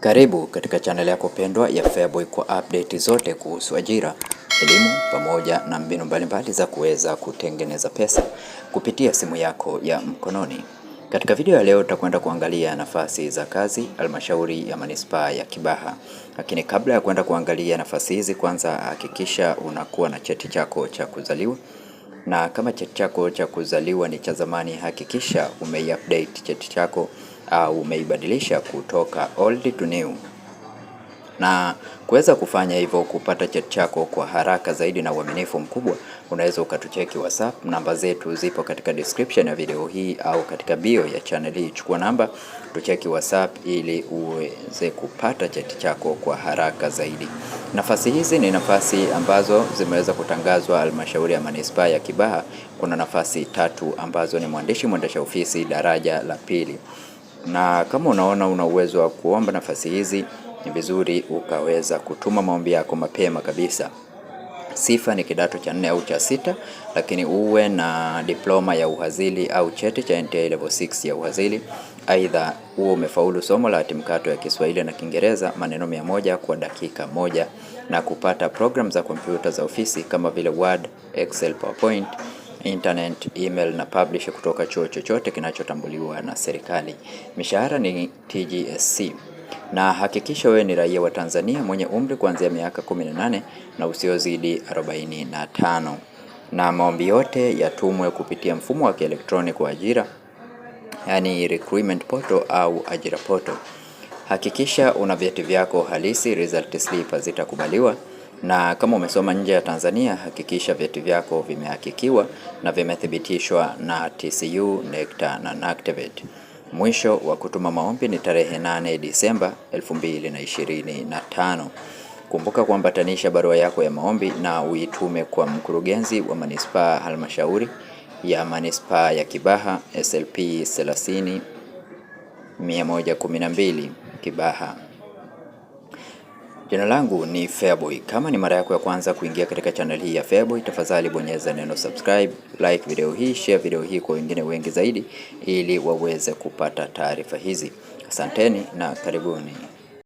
Karibu katika channel yako pendwa ya Feaboy kwa update zote kuhusu ajira, elimu pamoja na mbinu mbalimbali za kuweza kutengeneza pesa kupitia simu yako ya mkononi. Katika video ya leo tutakwenda kuangalia nafasi za kazi halmashauri ya manispaa ya Kibaha. Lakini kabla ya kwenda kuangalia nafasi hizi, kwanza hakikisha unakuwa na cheti chako cha kuzaliwa na kama cheti chako cha kuzaliwa ni cha zamani, hakikisha umeiupdate cheti chako uh, umeibadilisha kutoka old to new na kuweza kufanya hivyo kupata cheti chako kwa haraka zaidi na uaminifu mkubwa, unaweza ukatucheki WhatsApp. Namba zetu zipo katika description ya video hii au katika bio ya channel hii. Chukua namba tucheki WhatsApp ili uweze kupata cheti chako kwa haraka zaidi. Nafasi hizi ni nafasi ambazo zimeweza kutangazwa halmashauri ya manispaa ya Kibaha. Kuna nafasi tatu ambazo ni mwandishi mwendesha ofisi daraja la pili na kama unaona una uwezo wa kuomba nafasi hizi, ni vizuri ukaweza kutuma maombi yako mapema kabisa. Sifa ni kidato cha nne au cha sita, lakini uwe na diploma ya uhazili au cheti cha NTA level 6 ya uhazili. Aidha uwe umefaulu somo la hatimkato ya Kiswahili na Kiingereza maneno mia moja kwa dakika moja na kupata program za kompyuta za ofisi kama vile Word, Excel, PowerPoint internet, email na publish kutoka chuo chochote kinachotambuliwa na serikali. Mishahara ni TGSC. Na hakikisha wewe ni raia wa Tanzania mwenye umri kuanzia miaka 18 na usiozidi 45. Na maombi yote yatumwe kupitia mfumo wa kielektroniki wa ajira, yani recruitment portal au ajira portal. Hakikisha una vyeti vyako halisi, result slip zitakubaliwa na kama umesoma nje ya Tanzania, hakikisha vyeti vyako vimehakikiwa na vimethibitishwa na TCU, NECTA na NACTVET. Mwisho wa kutuma maombi ni tarehe 8 Disemba 2025. Kumbuka kuambatanisha barua yako ya maombi na uitume kwa mkurugenzi wa manispaa halmashauri ya manispaa ya Kibaha SLP 30 112 Kibaha. Jina langu ni fairboy Kama ni mara yako ya kwanza kuingia katika channel hii ya fairboy tafadhali bonyeza neno subscribe, like video hii, share video hii kwa wengine wengi zaidi ili waweze kupata taarifa hizi. Asanteni na karibuni.